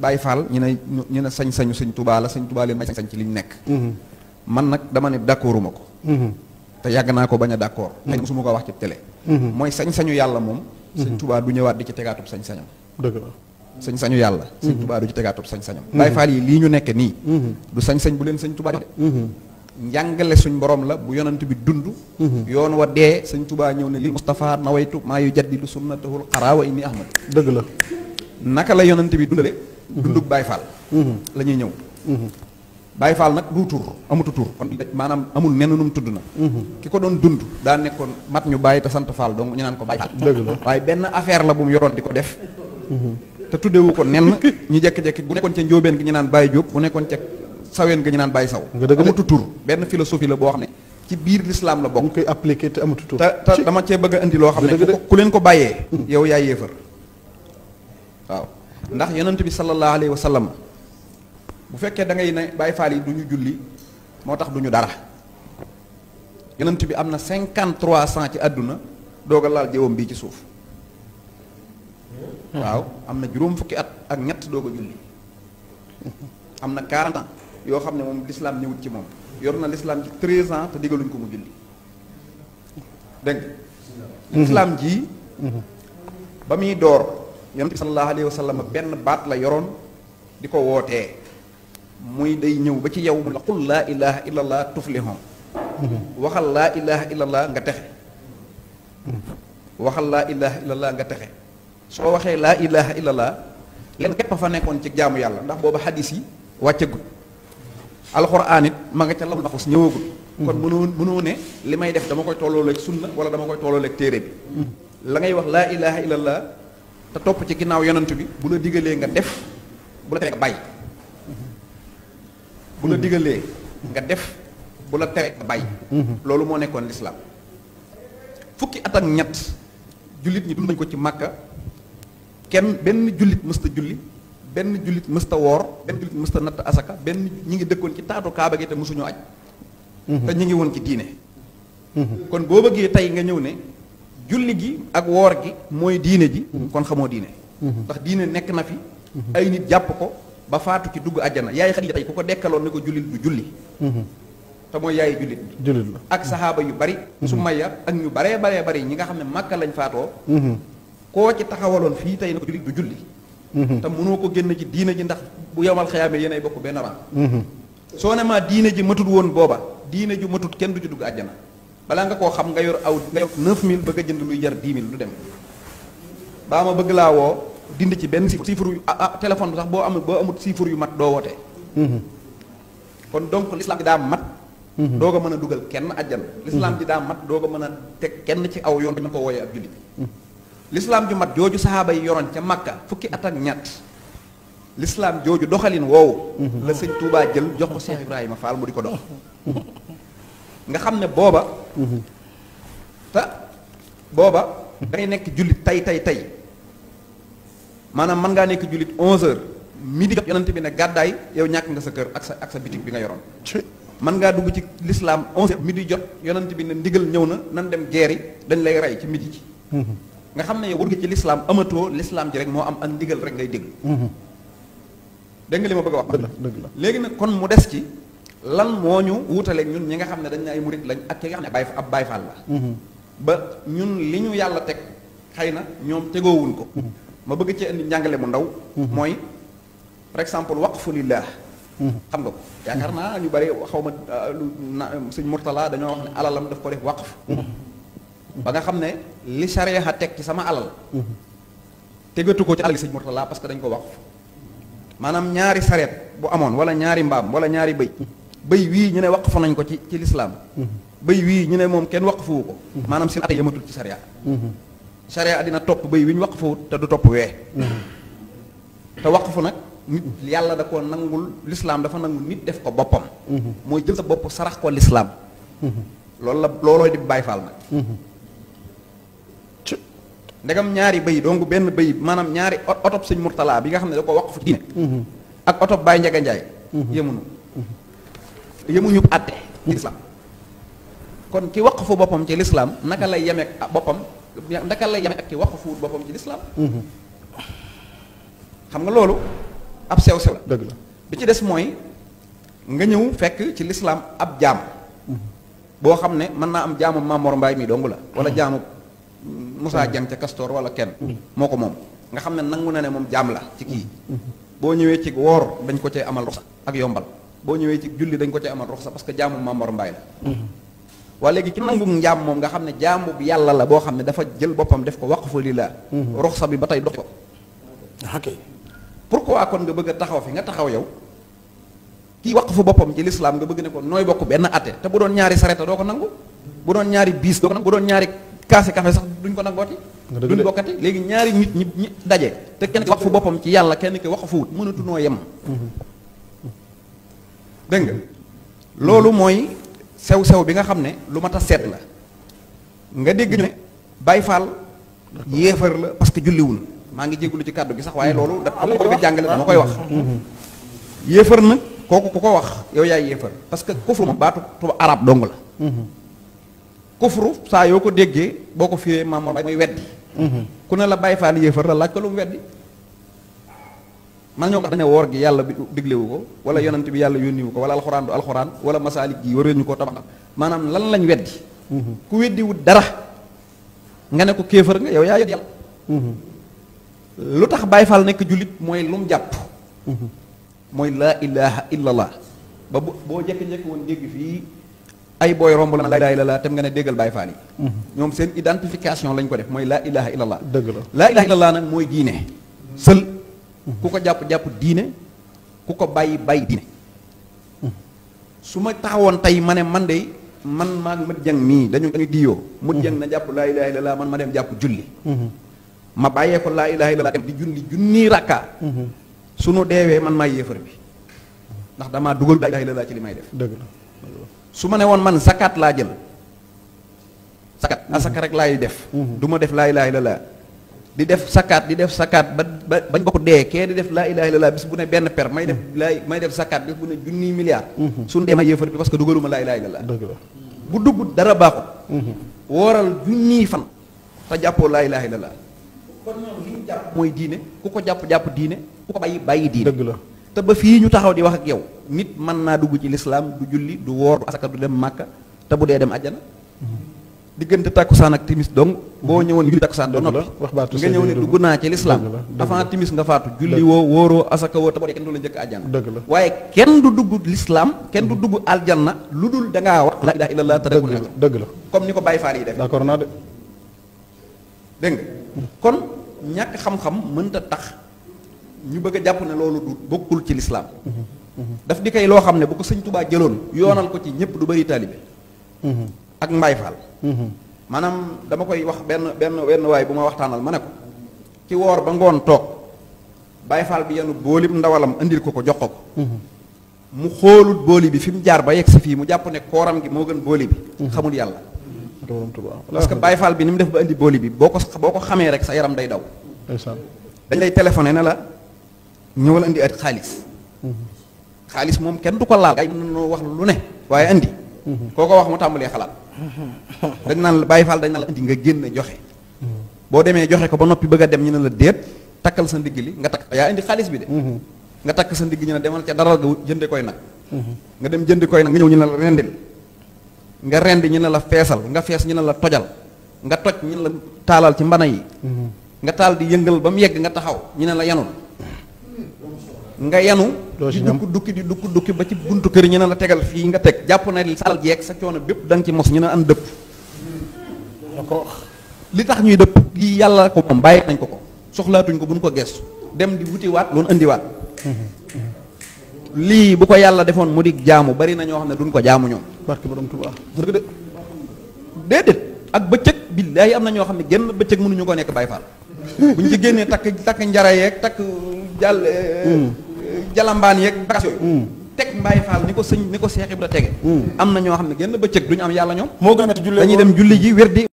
bay fal ñu ne ñu ne sañ-sañu señ Touba la señ Touba le ma sañ ci liñ hmm man nak dama ne mako hmm te yag na ko bañ a d'accord. te mhm. musuma ko wax ci télé. moy mhm. sañ-sañu yalla mom mhm. señ Touba du ñëwaat di ci tegaatub sañ-sañam. deug la señ sañu yalla señ Touba du ci tegaatub sañ-sañam. bay fal yi li ñu nekk nii. du sañ-sañ bu len señ Touba de. suñ borom la bu yonent bi dundu yoon wa dé señ touba ñew ne li mustafa nawaytu ma yu wa inni ahmad deug la naka la yonent bi dundalé dundug Baye Fall. la ñuy ñëw. Baye Fall nag du tur amutu tur kon maanaam amul nenn num tudd na. ki ko doon dund daa nekkoon mat ñu bàyyi te sant faal donc ñu naan ko Baye Fall. waaye benn affaire la bu mu yoroon di ko def. te tuddewu ko nenn ñu jekki jékki bu nekkoon ca njóobeen gi ñu naan Baye Diop bu nekkoon ca saween gi ñu naan Baye Saw. amutu benn philosophie la boo xam ne. ci biir l'islam la bokk. ñu koy appliqué te amatu dama cee bëgg a indi loo xam ne ku leen ko bàyyee. yow yaay yéefar waaw. ndax yonent bi sallallahu alayhi wa bu fekkee da ngay ne Baay Faal yi duñu ñu julli moo tax du ñu dara yonent bi am na cinquante trois cent ci àdduna doog a laal jëwam bii ci suuf waaw am na juróom fukki at ak ñett doog a julli am na quarante yoo xam ne moom lislaam ñëwut ci moom yor na lislaam ci treize ans te digaluñ ko mu julli dégg mm-hmm. lislaam ji mm-hmm. ba muy door yang sallallahu alayhi wasallam ben bat la yoron di wote muy day ñew ba ci yow la qul la ilaha illallah allah tuflihum waxal la ilaha illallah nga texe waxal la ilaha illallah nga texe so waxe la ilaha illallah len leen fa nekkon ci jaamu yalla ndax bobu hadisi yi alquran it ma nga ci lam ndaxus ñëwagul kon mënoo mënoo ne limay def dama koy tololek sunna wala dama koy tololek tere bi la ngay wax la ilaha illallah te top ci ginaaw yonent bi bu la digalee nga def bu la tere bay bu la digalee nga def bu la tere bay bàyyi loolu moo nekkoon lislaam fukki at ak ñett julit ñi dund nañ ko ci màkka kenn benn julit mësta julli benn julit mësta woor benn julit mësta natt asaka benn ñi ngi dëkkoon ci taatu kaaba gi te mësuñu aj mhm. te ñi ngi woon ci diine mhm. kon boo bëggee tey nga ñëw ne julli gi ak wor gi moy diine ji kon xamoo diine mhm. ndax diine nek na fi mhm. ay nit japp ko ba faatu ci dugg aljana yaay xadija tay ku ko dekkaloon ne ko julli du julli mhm. ta moy yaay jullit jullit la ak sahaba yu bari sumaya ak ñu bare bare bari ñi nga xamne makka lañ faato koo ci taxawaloon fi tay ne ko jullit du julli ta mënoo ko génn ci diine ji ndax bu yomal xayaame yéenay bokku ben ram so ne diine ji matut won booba diine ju matut kenn du ci dugg aljana balaa nga koo xam nga yor aw nga yor 9000 bëgg a jënd luy jar 10 000 du dem baa ma bëgg laa woo dind ci benn chiffre yu ah, ah téléphone bi sax boo amul boo amul chiffre yu mat doo woote. Mhm. kon donc l'islam bi daa mat. Mhm. doo ko mën a dugal kenn àjjan. Mhm. l'islam bi daa mat doo ko mën a teg kenn ci aw yoon bi ko wooyee ab jullit. l'islam mat jooju saxaaba yi yoroon ca Makka fukki at ak ñett. l'islam jooju doxalin woowu. la sëñ Touba jël jox ko Cheikh Ibrahima Fall mu di ko dox. nga xam ne booba. te booba da ngay nekk jullit tay tay tay maanaam mën ngaa nekk jullit 11h midi jot yonent bi ne gàddaay yow ñàkk nga sa kër ak sa bitig bi nga yoroon. mën ngaa dugg ci lislaam 11h midi jot yonent bi ne ndigal ñëw na nan dem geeri dañ lay rey ci midi ji. nga xam na yow wut nga ci lislaam amatoo lislaam ji rek moo am ak ndigal rek ngay dégg mhm. nga li ma bëgg a wax. léegi nag kon mu des ci. lan moñu ñu ñun ñi nga xam dañ na ay mourid lañ ak nga xam bay ab bay faal la mhm. ba ñun liñu yalla tek teg ñom na wuñ ko mhm. ma bëgg ci indi njàngale mu ndaw moy mhm. par exemple waqfu lillah xam nga ko yaakaar ñu bari xawma ah, murtala dañu wax alalam daf ko def waqf ba nga xam li tek ci sama alal tegatu ko ci alal señ murtala parce que dañ ko waqf manam ñaari saret? bu amone wala ñaari mbam wala ñaari beuy béy wii ñu ne waqfu nañ ko ci ci lislaam mm-hmm. béy wii ñu ne moom kenn waqfuwu ko mm-hmm. maanaam si at yamatul ci sariya mm-hmm. sariya dina topp béy wi ñu waqfuwu te du topp wee te fu nag nit yàlla da koo nangul lislaam dafa nangul nit def ko boppam mooy jël sa bopp sarax ko lislaam loolu la loolooy di Baay Faal nag ndegam ñaari béy donc benn béy maanaam ñaari otob sëñ Murtala bi nga xam ne da ko waqfu ci diine ak otob Baay Njaga Njaay yemunu ñub atté ci Islam. kon ki waqfu bopam ci Islam, naka lay yame ak boppam naka lay yame ak ki waqfu bopam ci lislaam mhm. xam nga lolu ab sew sew deug la bi ci dess moy nga ñew fekk ci lislaam ab jam mhm. bo xamne man na am Mamor mbay mi dong wala mhm. jamu musa jang ci Castor wala ken moko mom nga xamne ne mom jam la ci ki bo ñewé ci wor dañ ko amal ruxsa ak yombal boo ñëwee ci julli dañ ko ci amal ruxsa parce que jaamu Mamor Mbaay la mm-hmm. waa léegi ci nangum njaam moom nga xam ne jaamu yàlla la boo xam ne dafa jël boppam def ko wax waqfu lillah mm-hmm. ruxsa bi ba tey dox ko ah, pourquoi kon nga bëgg taxaw fi nga taxaw yow kii waqfu boppam ci lislaam nga bëgg ne ko nooy bokk benn atte te bu doon ñaari sareta doo ko nangu bu doon ñaari biis doo ko nangu bu doon ñaari kaase café sax duñ ko nangooti duñ bokkati léegi ñaari nit ñi ñi daje te kenn ki fu boppam ci yàlla kenn ki waqfuwut mënatu noo yem mm-hmm. dégg nga loolu sew sew bi nga xamne ne lu set a la nga deg ne bay fall yéefar la parce que wul ma ngi jéglu ci cadeau gi sax waye loolu da am ko bi jangale dama koy wax yéefar na koku kuko wax yow yaay parce que kufru tu arab dong la kufru sa yoo ko déggee boo ko firee weddi mhm. la bay fall yefer la laaj ko lu weddi man ñoo ko ne woor gi yàlla wu ko wala yonent bi yàlla wu ko wala alxuraan du alxuraan wala masalik gi waroon ñu ko tabaxal maanaam lan lañ weddi mhm. ku wu dara nga ne ko kéefar nga yow yaa yedd yàlla mhm. lu tax Baay Faal nekk jullit mooy lum jàpp mhm. mooy la ilaha illallah ba bu boo jekki-jekki woon dégg fii ay booy romb la laa ilaha tam nga ne déggal Baay Faal yi ñoom seen identification lañ ko def mooy la ilaha illallah dëgg la laa ilaha illallah nag mooy diine seul ku ko jàpp jàpp diine ku ko bàyyi bàyyi diine su ma taxawoon tey ma ne man de man maa ngi mat mii dañu dañu diyoo mat jang na jàpp laa ilaha illallah man ma dem jàpp julli ma bàyyee ko laa ilaha illallah dem di julli junni rakka sunu deewee man maa yéefar bi ndax damaa dugal laa ilaha illallah ci li may def su ma ne woon man zakat laa jël zakat asaka rek laay def mhm. du ma def laa ilaha illallah di def sakat di def sakat bañ bokk dé ké di def la ilaha illallah bis bu né ben per may def laa may def sakat bis bu né jouni milliard mhm. suñ dé ma yéfer bi parce que dugaluma la ilaha illallah dëgg la bu dugg dara baaxut mhm. woral jouni fan ta jappo la ilaha illallah kon ñoo li ñu jàpp mooy diine ku ko japp japp diiné ku ko bayyi bayyi diiné deug la te ba fi ñu taxaw di wax ak yow nit man na dugg ci l'islam du julli du wor asaka du dem makka te bu dé dem aljana mhm. diggante takkusaan ak timis don boo ñëwoon julli takkusaan ba noppi nga ñëw ne dugg naa ci lislaam dafa timis nga faatu julli woo wóoroo asaka woo tabax kenn du la njëkk aljanna waaye kenn du dugg lislaam kenn du dugg aljanna lu dul da ngaa wax laa ilaaha illallaah dëgg la comme ni ko Baay Faal yi def d'accord naa de dégg nga kon ñàkk xam-xam mënta tax ñu bëgg a jàpp ne loolu du bokkul ci lislaam mhm. Mhm. daf di kay loo xam ne bu ko sëñ Tubaa jëloon yoonal ko ci ñëpp du bëri taalibe mhm. ak Mbaye Fall. Mhm. maanaam dama koy wax benn benn wenn bu ma waxtaanal ma ne ko ci woor ba ngoon toog Baye Fall bi yenu bóolib ndawalam indil ko ko jox ko ko mhm. mu xoolut bóoli bi fi mu jaar ba yegg fii mu jàpp ne kooram gi moo gën bóoli bi mhm. xamul yàlla parce que Baye bi ni mu def ba indi bóoli bi boo ko boo xamee rek sa yaram day daw dañ lay téléphoné ne la ñëwal indi at xaalis xaalis moom kenn du ko laal ay mën noo wax lu ne waaye indi koko wax mu tàmbalee xalat dañ nan baye bàyyi dañ naan la indi nga genn joxe bo demee joxe ko ba nopi bëgg dem ñu ne la déet takal sa ndig li nga tak ya indi xaliss bi de nga tak sa ndig ñu na demal ci daral ga jëndi koy nak nga dem jëndi koy nak nga ñew ñu la rendil nga rend ñu la fessal nga fess ñu la tojal nga toj ñu la talal ci mbana yi nga tal di yëngal bam yegg nga taxaw ñu la yanul nga yanu di dukk dukki di dukk dukki ba ci buntu kër ñu na la tégal fi nga tek japp na sal jek sa coono bépp dang ci mos ñu ne an dëpp li tax ñuy depp yi yalla ko mom baye nañ ko ko soxlaatuñ ko buñ ko gess dem di wuti waat loolu andi waat Li bu ko yalla defoon mudik jaamu bari na ño xamne duñ ko jaamu ñoom barki borom tuba déedéet ak beccëk billahi amna ño xamne genn beccëk mënu ñu ko nekk bay fal buñ ci genné tak tak njaray ak tak jàll eh, mm. jalambaan yeeg bagas yooyu hmm. teg Mbaye Fall ni ko sëñ ni ko Seex Ibra tege hmm. am na ñoo xam ne génn bëccëg du ñu am yàlla ñoom moo gën a julli dañuy dem julli ji wér di